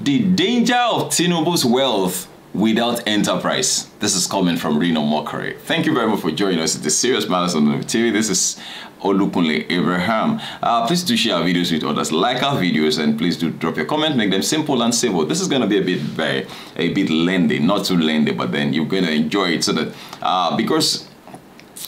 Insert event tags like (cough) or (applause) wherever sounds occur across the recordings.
The danger of Tinubu's wealth without enterprise. This is coming from Reno Mockery. Thank you very much for joining us. the Serious Matters on the TV. This is Olukunle Abraham. Uh, please do share our videos with others. Like our videos and please do drop your comment. Make them simple and simple. This is going to be a bit very, a bit lengthy. Not too lengthy, but then you're going to enjoy it so that, uh, because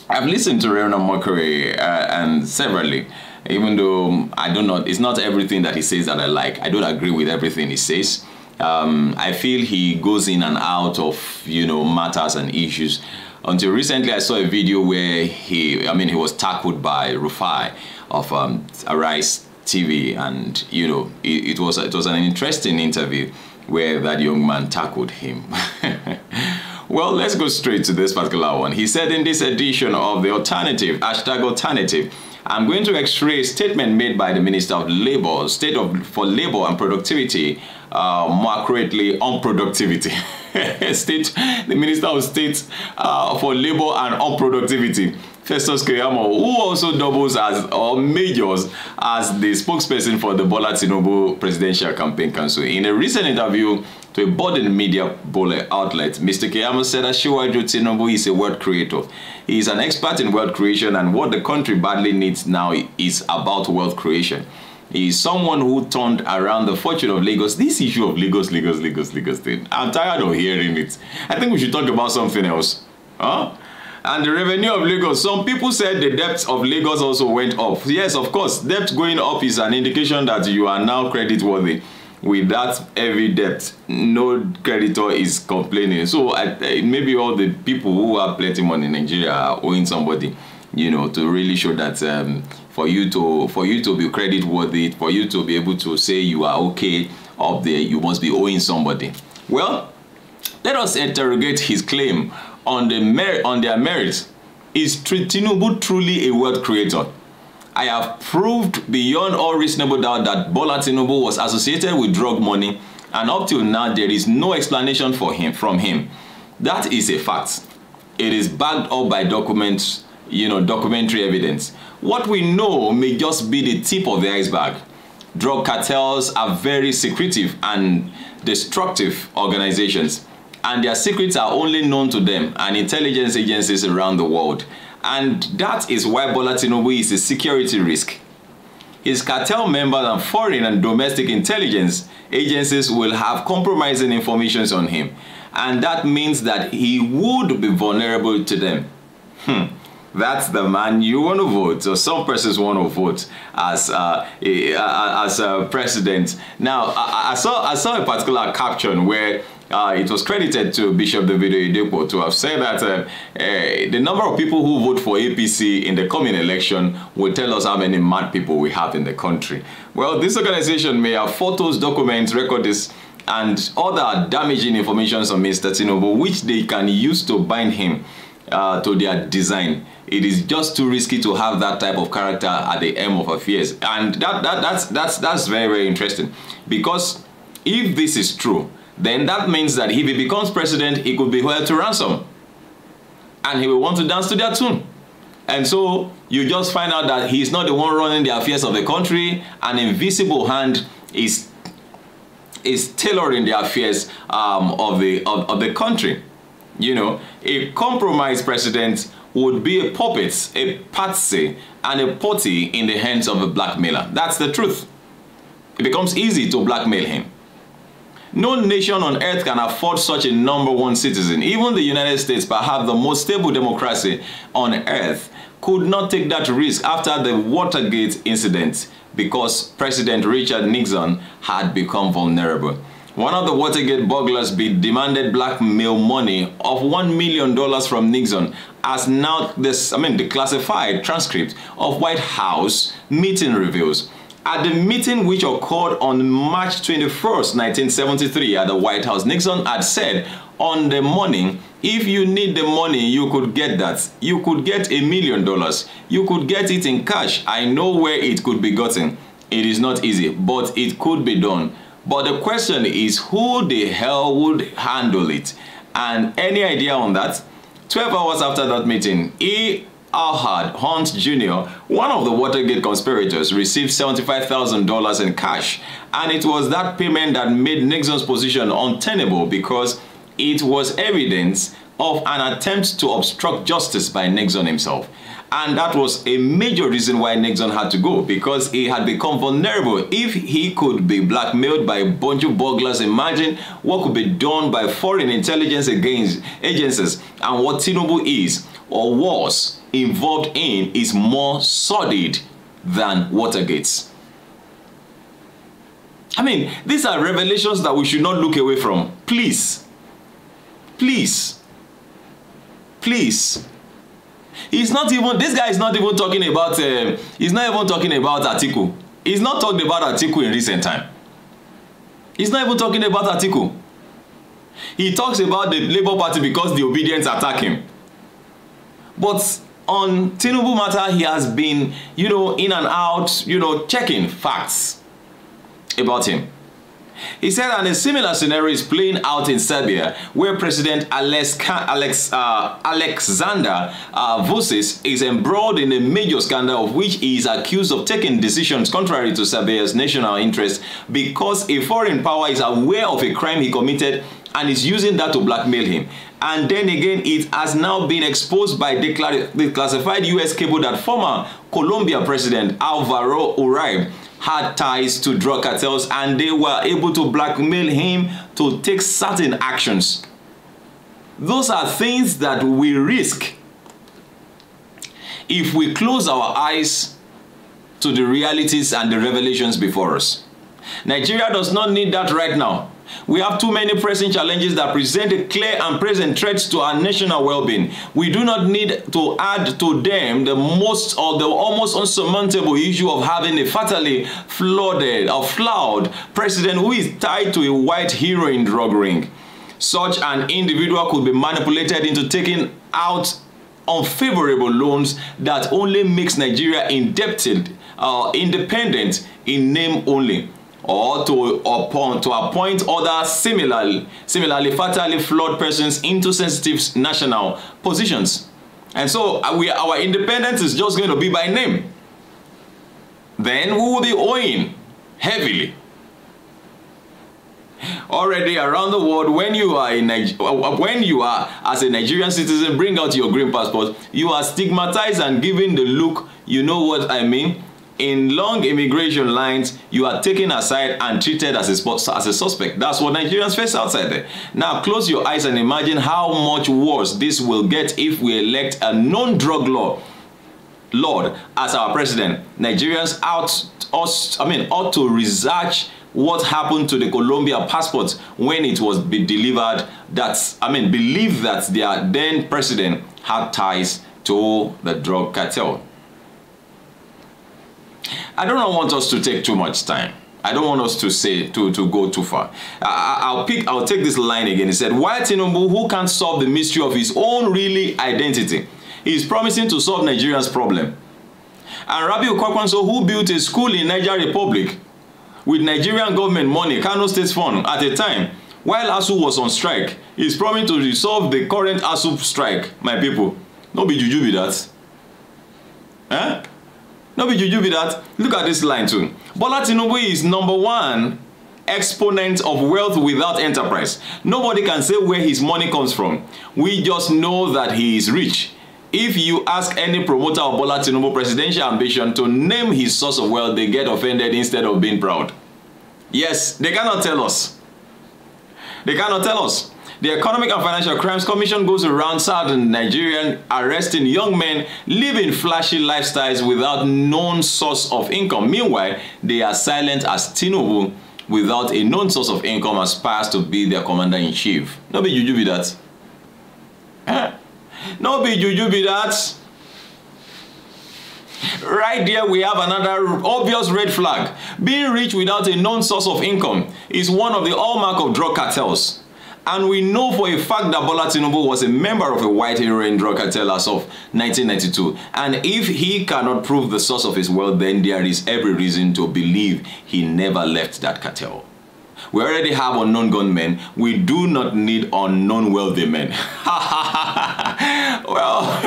I've listened to Reno Mockery uh, and severally, even though um, I do not, it's not everything that he says that I like. I don't agree with everything he says. Um, I feel he goes in and out of you know matters and issues. Until recently, I saw a video where he, I mean, he was tackled by Rufai of um, Arise TV, and you know, it, it was it was an interesting interview where that young man tackled him. (laughs) well, let's go straight to this particular one. He said in this edition of the alternative hashtag alternative I'm going to x-ray a statement made by the Minister of Labor, State of, for Labor and Productivity uh, more accurately on productivity. (laughs) State, the Minister of State uh, for Labour and on productivity, Festus Keyamo, who also doubles as or majors as the spokesperson for the Bola Presidential Campaign Council. In a recent interview to a Borden media bullet outlet, Mr. Keyamo said that Shiwaju Tinubu is a world creator. He is an expert in wealth creation and what the country badly needs now is about wealth creation. Is someone who turned around the fortune of Lagos. This issue of Lagos, Lagos, Lagos, Lagos thing. I'm tired of hearing it. I think we should talk about something else. Huh? And the revenue of Lagos. Some people said the debt of Lagos also went up. Yes, of course, debt going up is an indication that you are now credit worthy. With that heavy debt, no creditor is complaining. So I, I, maybe all the people who have plenty money in Nigeria are owing somebody, you know, to really show that um, for you to for you to be credit worthy, for you to be able to say you are okay up there, you must be owing somebody. Well, let us interrogate his claim on the mer on their merits. Is Tinubu truly a wealth creator? I have proved beyond all reasonable doubt that Bola Tinubu was associated with drug money and up till now there is no explanation for him from him. That is a fact. It is backed up by documents you know, documentary evidence. What we know may just be the tip of the iceberg. Drug cartels are very secretive and destructive organizations, and their secrets are only known to them and intelligence agencies around the world. And that is why Bola is a security risk. His cartel members and foreign and domestic intelligence agencies will have compromising information on him, and that means that he would be vulnerable to them. Hmm. That's the man you want to vote. So some persons want to vote as uh, a, as a president. Now I, I, saw I saw a particular caption where. Uh, it was credited to Bishop David Oyedepo to have said that uh, the number of people who vote for APC in the coming election will tell us how many mad people we have in the country. Well, this organization may have photos, documents, records, and other damaging information on Mr. Tinobu, which they can use to bind him uh, to their design. It is just too risky to have that type of character at the end of affairs. And that, that, that's, that's, that's very, very interesting. Because if this is true, then that means that if he becomes president, he could be held to ransom. And he will want to dance to that tune. And so you just find out that he's not the one running the affairs of the country. An invisible hand is, is tailoring the affairs um, of, the, of, of the country. You know, a compromised president would be a puppet, a patsy, and a potty in the hands of a blackmailer. That's the truth. It becomes easy to blackmail him. No nation on earth can afford such a number one citizen. Even the United States, perhaps the most stable democracy on earth, could not take that risk after the Watergate incident because President Richard Nixon had become vulnerable. One of the Watergate burglars demanded blackmail money of $1 million from Nixon as now this, I mean, the classified transcript of White House meeting reveals. At the meeting which occurred on March 21, 1973 at the White House, Nixon had said on the morning, if you need the money, you could get that. You could get a million dollars. You could get it in cash. I know where it could be gotten. It is not easy, but it could be done. But the question is who the hell would handle it? And any idea on that? 12 hours after that meeting, E. Alhad Hunt Jr., one of the Watergate conspirators, received $75,000 in cash. And it was that payment that made Nixon's position untenable because it was evidence of an attempt to obstruct justice by Nixon himself. And that was a major reason why Nixon had to go because he had become vulnerable. If he could be blackmailed by a bunch of burglars, imagine what could be done by foreign intelligence against agencies and what Tinobu is or was involved in is more sordid than Watergate. I mean, these are revelations that we should not look away from. Please. Please. Please. He's not even, this guy is not even talking about, uh, he's not even talking about Atiku. He's not talking about Atiku in recent time. He's not even talking about Atiku. He talks about the Labour Party because the obedience attack him. But on Tinubu matter, he has been, you know, in and out, you know, checking facts about him. He said, and a similar scenario is playing out in Serbia, where President Alex, Alex, uh, Alexander uh, Vucic is embroiled in a major scandal of which he is accused of taking decisions contrary to Serbia's national interest because a foreign power is aware of a crime he committed and is using that to blackmail him. And then again, it has now been exposed by the classified U.S. cable that former Colombia President Alvaro Uribe had ties to drug cartels and they were able to blackmail him to take certain actions. Those are things that we risk if we close our eyes to the realities and the revelations before us. Nigeria does not need that right now. We have too many pressing challenges that present clear and present threats to our national well-being. We do not need to add to them the most or the almost unsurmountable issue of having a fatally flooded or flawed president who is tied to a white heroin drug ring. Such an individual could be manipulated into taking out unfavorable loans that only makes Nigeria indebted, uh, independent in name only or to upon to appoint other similarly similarly fatally flawed persons into sensitive national positions and so uh, we our independence is just going to be by name then we will be owing heavily already around the world when you are in Niger uh, uh, when you are as a Nigerian citizen bring out your green passport you are stigmatized and given the look you know what I mean in long immigration lines, you are taken aside and treated as a, as a suspect. That's what Nigerians face outside there. Now, close your eyes and imagine how much worse this will get if we elect a non-drug law lord as our president. Nigerians out, us, I mean, ought to research what happened to the Colombia passport when it was be delivered that, I mean, believe that their then president had ties to the drug cartel. I do not want us to take too much time. I don't want us to say to, to go too far. I, will pick. I'll take this line again. He said, "Why Tinubu, who can't solve the mystery of his own really identity, he is promising to solve Nigeria's problem." And Rabiu Okwakwanso, who built a school in Niger Republic with Nigerian government money, Kano State Fund, at a time while ASU was on strike, is promising to resolve the current ASU strike. My people, no be juju be that. Eh? No be juju be that. Look at this line too. Bola Tinubu is number one exponent of wealth without enterprise. Nobody can say where his money comes from. We just know that he is rich. If you ask any promoter of Bola Tinubu presidential ambition to name his source of wealth, they get offended instead of being proud. Yes, they cannot tell us. They cannot tell us. The Economic and Financial Crimes Commission goes around southern Nigerian arresting young men living flashy lifestyles without known source of income. Meanwhile, they are silent as Tinubu without a known source of income aspires to be their commander-in-chief. No be juju be that. Eh? No be juju be that. Right there we have another obvious red flag. Being rich without a known source of income is one of the hallmark of drug cartels. And we know for a fact that Bola Tinubu was a member of a white heroin drug cartel as of 1992. And if he cannot prove the source of his wealth, then there is every reason to believe he never left that cartel. We already have unknown gunmen. We do not need unknown wealthy men. (laughs) well,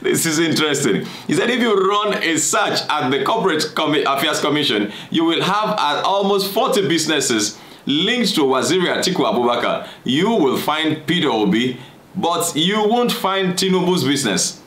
(laughs) this is interesting. He said if you run a search at the Corporate Affairs Commission, you will have at uh, almost 40 businesses linked to Waziri Atiku Abubakar, you will find Peter Obi, but you won't find Tinubu's business.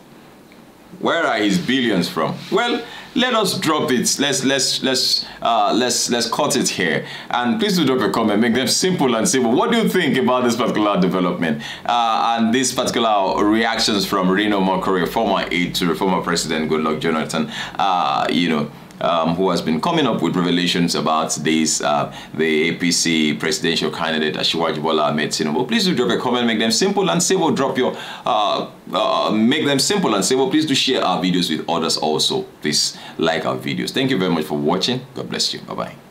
Where are his billions from? Well, let us drop it. Let's let's let's uh, let's let's cut it here. And please do drop a comment. Make them simple and simple. What do you think about this particular development uh, and these particular reactions from Reno Mokori, former aide to former president Goodluck Jonathan? Uh, you know um, who has been coming up with revelations about this, uh, the APC presidential candidate Ashiwaji Bola Ahmed Please do drop a comment, make them simple and civil. Drop your, uh, uh, make them simple and civil. Please do share our videos with others also. Please like our videos. Thank you very much for watching. God bless you. Bye-bye.